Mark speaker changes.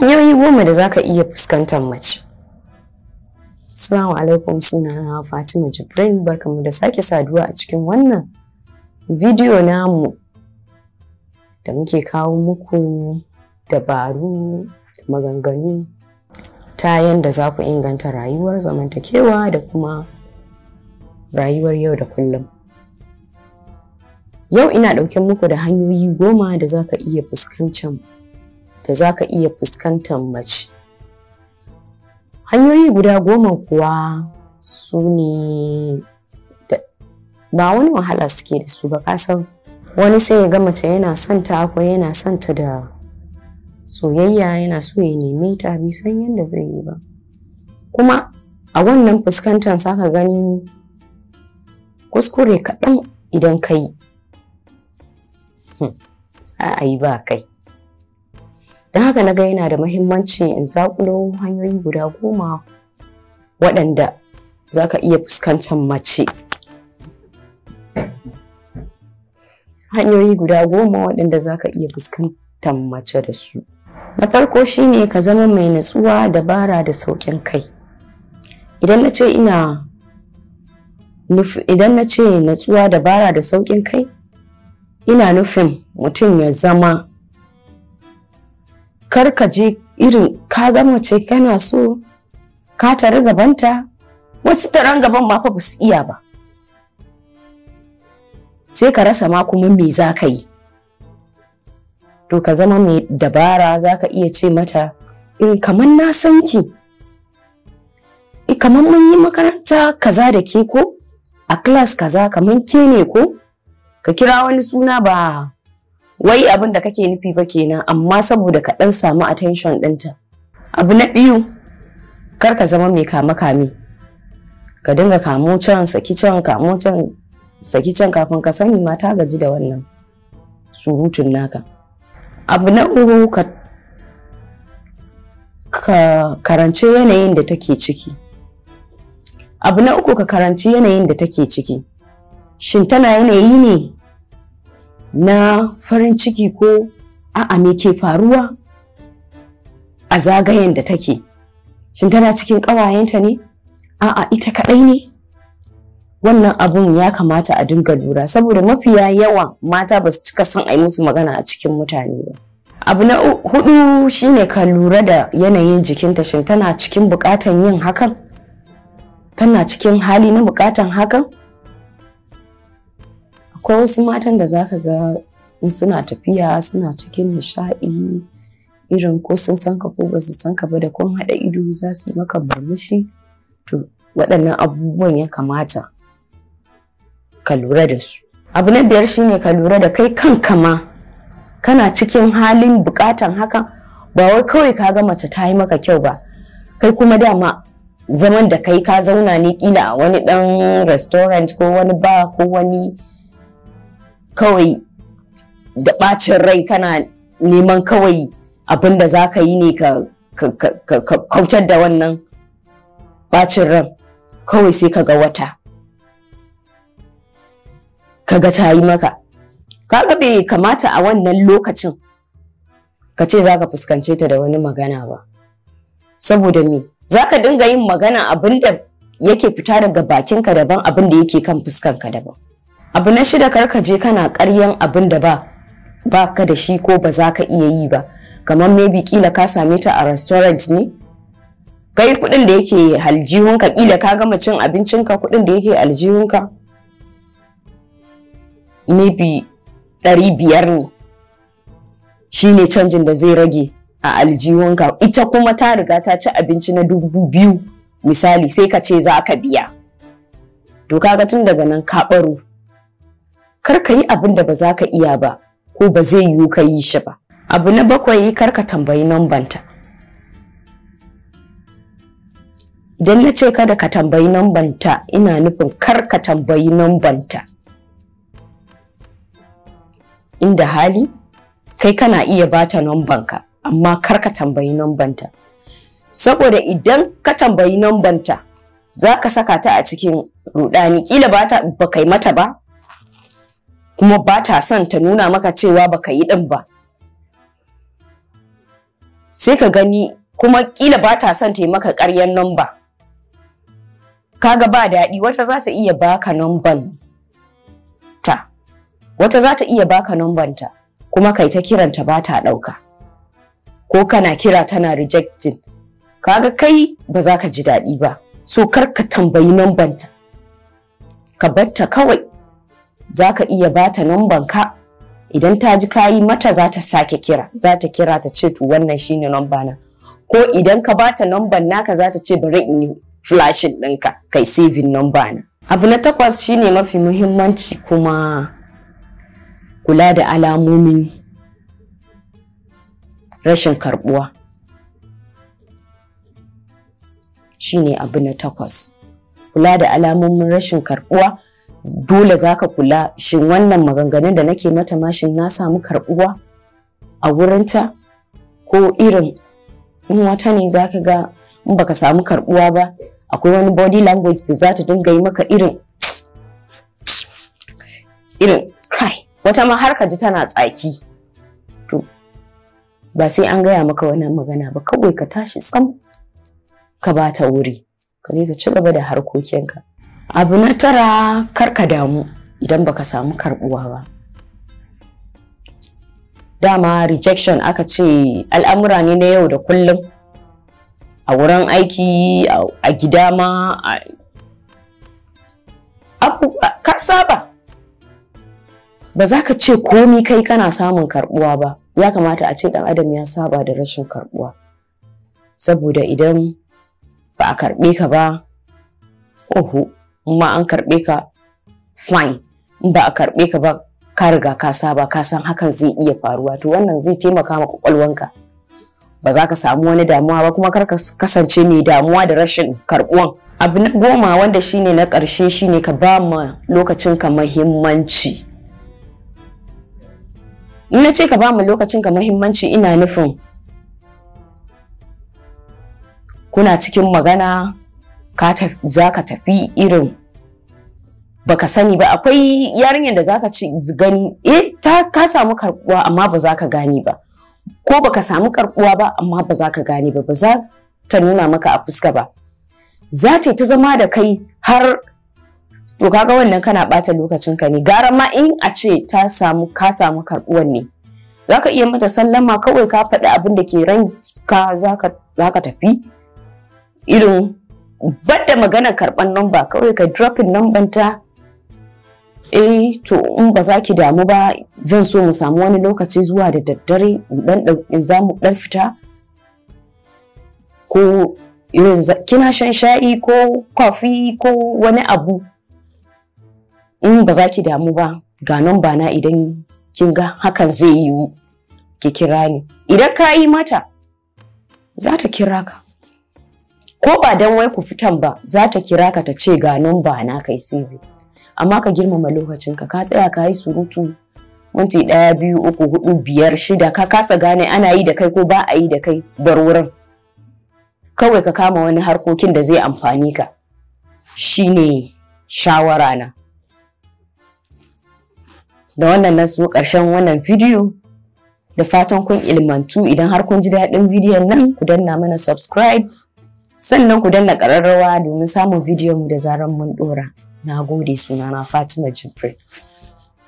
Speaker 1: hanyoyi goma da zaka iya fuskantar mace Assalamu alaikum suna Fatima Jibrin barkamu da sake saduwa a cikin wannan bidiyo namu da muke kawo muku dabaru maganganu ta yanda za ku inganta rayuwar zamantakewa da kuma rayuwar yau da kullum. Yau ina ɗauke muku da hanyoyi goma da za ka iya fuskantar da za ka iya fuskantar mace hanyoyi guda goma kuwa su ne ba wani wahala suke da su ba kasan wani sai ya ga mace yana son ta ko yana son ta da soyayya yana so ya neme ta bi san yadda zai yi ba kuma a wannan fuskantar ka gani kuskure kaɗan idan ka yi hmm, za a yi ba kai Da haka na ga yana da mahimmanci in zakulo hanyoyi guda goma waɗanda za ka iya fuskantar mace. Hanyoyi guda goma waɗanda za ka iya fuskantar mace da su. Na farko shine ka zama mai natsuwa dabara da sauƙin kai. Idan na ce ina idan na ce natsuwa dabara da sauƙin kai ina nufin mutum ya zama kar ka je irin ka ga mace kana so ka tare gabanta wasu taron gaban ma fa ba iya ba sai ka rasa ma kuma me za ka yi to ka zama mai dabara za ka iya ce mata irin kamar na san ki kamar mun yi makaranta kaza da ke ko a class kaza kamar ke ne ko ka kira wani suna ba wai abin da kake nufi ba kenan amma saboda ka dan samu attention ɗinta abu na biyu kar ka zama mai kame kame ka dinga kamo can saki can kamo can saki can kafin ka sani mata gaji da wannan surutun naka abu na uku ka ka karance yanayin da take ciki abu na uku ka karanci yanayin da take ciki shin tana yanayi ne na farin ciki ko a'a me ke faruwa a zagayen da take shin tana cikin ƙawayenta ne a'a ita kaɗai ne wannan abun ya kamata a dinga lura saboda mafiya yawa mata ba su cika son a yi musu magana a cikin mutane ba abu na hudu shine ka lura da yanayin jikinta shin tana cikin bukatan yin hakan tana cikin hali na bukatan hakan akwai wasu matan da za ka ga in suna tafiya suna cikin nishaɗi irin ko sun san ka ko ba su san ka ba da kun haɗa ido za su yi maka murmushi? to waɗannan abubuwan ya kamata ka lura da su abu na biyar shine ka lura da kai kanka ma kana cikin halin bukatan hakan ba wai kawai ka ga mace ta yi maka kyau ba kai kuma dama zaman da kai ka zauna ne kila a wani ɗan restaurant ko wani bar ko wani kawai da ɓacin rai kana neman kawai abin da za ka yi ne ka kautar da wannan ɓacin ran kawai sai ka ga wata ka ga ta yi maka kaga bai kamata a wannan lokacin ka ce za ka fuskance ta da wani magana ba saboda me za ka dinga yin magana abin da yake fita daga bakinka daban abin da yake kan fuskanka daban abu na shida kar ka je kana karyan abin da ba ba ka da shi ko ba za ka iya yi ba kamar maybe kila ka same ta a restaurant ne kai kudin da yake aljihunka kila ka gama cin abincinka kudin da yake aljihunka maybe ɗari biyar ne shi ne canjin da zai rage a aljihunka ita kuma ta riga ta ci abinci na dubu biyu misali sai ka ce za ka biya to kaga tun daga nan ka baro kar ka yi abin da ba za ka iya ba ko ba zai yiwu ka yi shi ba abu na bakwai kar ka tambayi nambanta idan na ce kada ka tambayi nambanta ina nufin kar ka tambayi nambanta inda hali kai kana iya bata nambanka amma kar ka tambayi nambanta saboda idan ka tambayi nambanta za ka saka ta a cikin rudani kila ba yi mata ba kuma ba ta son ta nuna maka cewa baka yi ɗin ba sai ka gani kuma ƙila ba ta son ta yi maka ƙaryan namba kaga ba daɗi wata za ta iya baka namban ta wata za ta iya baka namban ta kuma kai ta kiranta ba ta ɗauka ko kana kira tana Ka kaga kai ba za ka ji daɗi ba so kar ka tambayi namban ta ka bar ta kawai za ka iya bata numban ka idan ta ji kayi mata za ta sake kira za ta kira ta ce to wannan shine numba na ko idan ka bata numban naka za ta ce bari in yi flashin ɗinka kai saving numba na abu na takwas shine mafi muhimmanci kuma kula da alamomin rashin karbuwa shine abu na takwas kula da alamomin rashin karbuwa dole za ka kula shin wannan maganganun da nake mata mashin na samu karbuwa a wurinta ko irin in wata ne za ka ga in baka samu karbuwa ba akwai wani body language da za ta dinga yi maka irin irin kai wata ma har ka ji tana tsaki to ba sai an gaya maka wannan magana ba kawai ka tashi tsam ka ba ta wuri ka je ka ci gaba da harkokinka abu na tara karka damu idan baka samu karbuwa ba dama rejection aka ce al'amura ne na yau da kullum a wurin aiki a gida ma ka saba ba za ka ce komi kai kana samun karbuwa ba ya kamata a ce dan adam ya saba da rashin karbuwa saboda idan ba a karbe ka ba oho ma an karɓe ka fine in ba a karɓe ka ba ka riga ka ba ka san hakan zai iya faruwa to wannan zai taimaka ma kwakwalwanka ba za ka samu wani damuwa ba kuma kar ka kasance mai damuwa da rashin karɓuwan abu goma wanda shine na ƙarshe shine ka ba ma lokacinka mahimmanci in na ce ka ba ma lokacinka mahimmanci ina nufin kuna cikin magana za ka tafi irin baka sani ba akwai yarinyar da zaka ci gani eh ta ka samu karbuwa amma ba za ka gane ba ko baka samu karbuwa ba amma ba za ka gane ba ba za ta nuna maka a fuska ba za ta ta zama da kai har to kaga wannan kana bata lokacinka ne gara ma in a ce ta samu ka samu karbuwan ne za ka iya mata sallama kawai ka faɗi abin da ke ranka za ka tafi irin bada magana karban number kawai ka dropping number ta eh to in ba za ki damu ba zan so mu samu wani lokaci zuwa da daddare dan in za mu dan fita ko kina shan sha'i ko kwafi ko wani abu in ba za ki damu ba ga number na idan kin ga hakan zai yiwu ki kira ni idan ka yi mata za ta kira ka ko ba dan wai ku fitan ba za ta kira ka ta ce ga numba na kai CV amma ka girmama lokacin ka ka tsaya ka yi surutu minti ɗaya biyu uku hudu biyar shida ka kasa gane ana yi da kai ko ba a yi da kai bar wurin kawai ka kama wani harkokin da zai amfani ka shine shawara na da wannan na so ƙarshen wannan bidiyo da fatan kun ilmantu idan har kun ji daɗin bidiyon nan ku danna mana subscribe sannan ku danna ƙararrawa domin samun bidiyon mu da zaran mun ɗora. Na gode sunana Fatima Jibril.